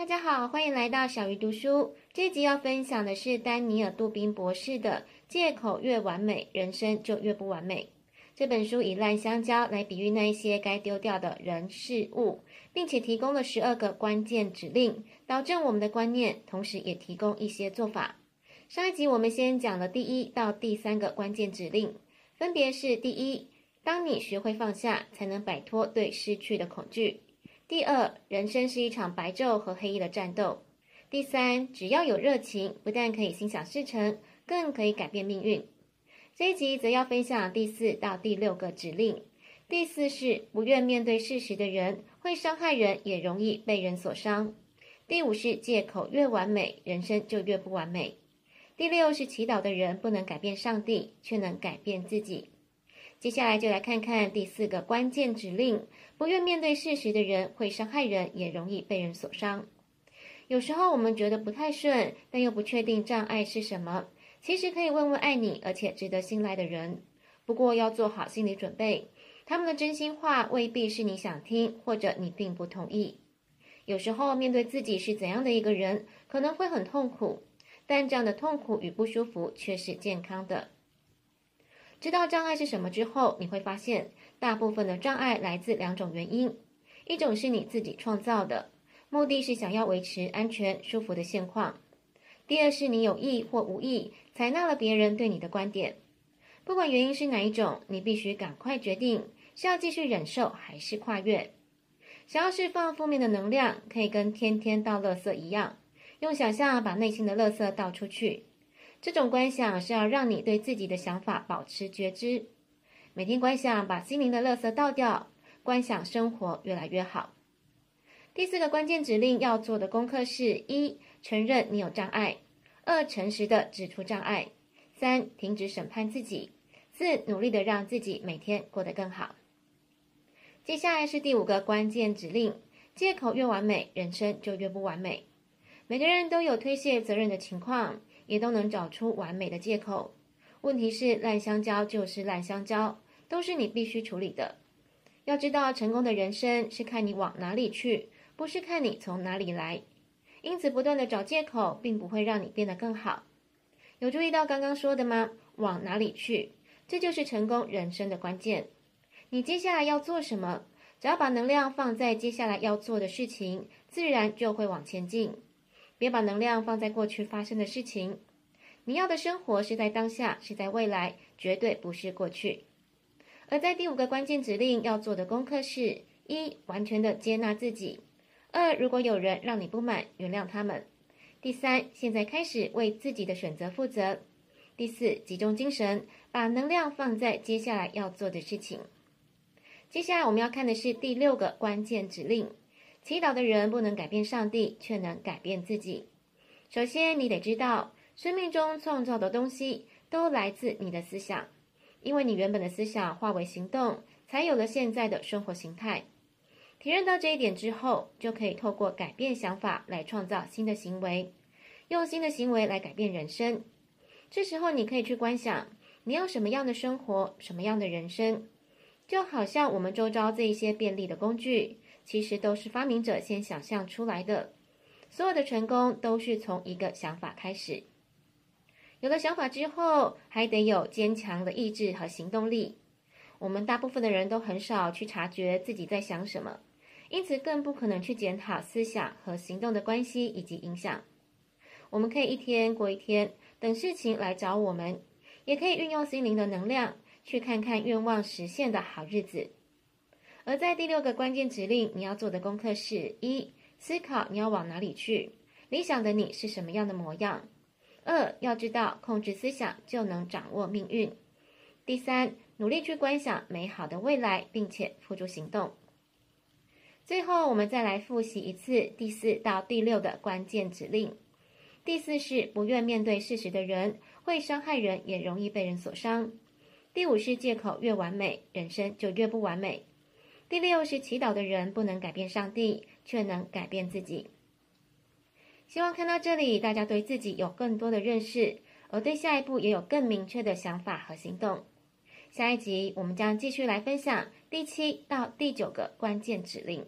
大家好，歡迎來到小魚讀書。這一集要分享的是丹尼爾·杜賓博士的《借口越完美，人生就越不完美》這本書，以爛香蕉來比喻那一些該丟掉的人事物，並且提供了十二個關鍵指令，導正我們的觀念，同時也提供一些做法。上一集我們先講了第一到第三個關鍵指令，分別是：第一，當你學會放下，才能擺脫對失去的恐懼。第二，人生是一場白晝和黑夜的戰鬥。第三，只要有熱情，不但可以心想事成，更可以改變命運。這一集則要分享第四到第六個指令。第四是不願面對事實的人，會傷害人，也容易被人所傷。第五是借口越完美，人生就越不完美。第六是祈禱的人不能改變上帝，卻能改變自己。接下來就來看看第四個關鍵指令：不願面對事實的人會傷害人，也容易被人所傷。有時候我們覺得不太順，但又不確定障礙是什麼，其實可以問問愛你而且值得信賴的人。不過要做好心理準備，他們的真心話未必是你想聽，或者你並不同意。有時候面對自己是怎樣的一個人，可能會很痛苦，但這樣的痛苦與不舒服卻是健康的。知道障礙是什麼之後，你會發現大部分的障礙來自兩種原因：一種是你自己創造的，目的是想要維持安全、舒服的現況；第二是你有意或無意採納了別人對你的觀點。不管原因是哪一種，你必須趕快決定是要繼續忍受還是跨越。想要釋放負面的能量，可以跟天天倒垃圾一樣，用想象把內心的垃圾倒出去。這種觀想是要讓你對自己的想法保持覺知。每天觀想，把心靈的垃圾倒掉，觀想生活越來越好。第四個關鍵指令要做的功課是：一、承認你有障礙；二、誠實的指出障礙；三、停止審判自己；四、努力的讓自己每天過得更好。接下來是第五個關鍵指令：借口越完美，人生就越不完美。每個人都有推卸責任的情況。也都能找出完美的借口。問題是爛香蕉就是爛香蕉，都是你必須處理的。要知道，成功的人生是看你往哪裡去，不是看你從哪裡來。因此，不斷的找借口，並不會讓你變得更好。有注意到剛剛說的嗎？往哪裡去，這就是成功人生的關鍵。你接下來要做什麼？只要把能量放在接下來要做的事情，自然就會往前進。別把能量放在過去發生的事情，你要的生活是在當下，是在未來，絕對不是過去。而在第五個關鍵指令要做的功課是：一、完全的接納自己；二、如果有人讓你不滿，原諒他們；第三，現在開始為自己的選擇負責；第四，集中精神，把能量放在接下來要做的事情。接下來我們要看的是第六個關鍵指令。祈禱的人不能改變上帝，卻能改變自己。首先，你得知道，生命中創造的東西都來自你的思想，因為你原本的思想化為行動，才有了現在的生活形態。體認到這一點之後，就可以透過改變想法來創造新的行為，用新的行為來改變人生。這時候，你可以去觀想你要什麼樣的生活，什麼樣的人生，就好像我們周遭這一些便利的工具。其實都是發明者先想象出來的。所有的成功都是從一個想法開始。有了想法之後，還得有堅強的意志和行動力。我們大部分的人都很少去察覺自己在想什麼，因此更不可能去檢討思想和行動的關係以及影響。我們可以一天過一天，等事情來找我們，也可以運用心靈的能量，去看看願望實現的好日子。而在第六個關鍵指令，你要做的功課是：一、思考你要往哪裡去，理想的你是什麼樣的模樣；二、要知道控制思想就能掌握命運；第三，努力去觀想美好的未來，並且付諸行動。最後，我們再來複習一次第四到第六的關鍵指令。第四是不願面對事實的人會傷害人，也容易被人所傷。第五是借口越完美，人生就越不完美。第六是祈禱的人不能改變上帝，卻能改變自己。希望看到這裡，大家對自己有更多的認識，而對下一步也有更明確的想法和行動。下一集我們將繼續來分享第七到第九個關鍵指令。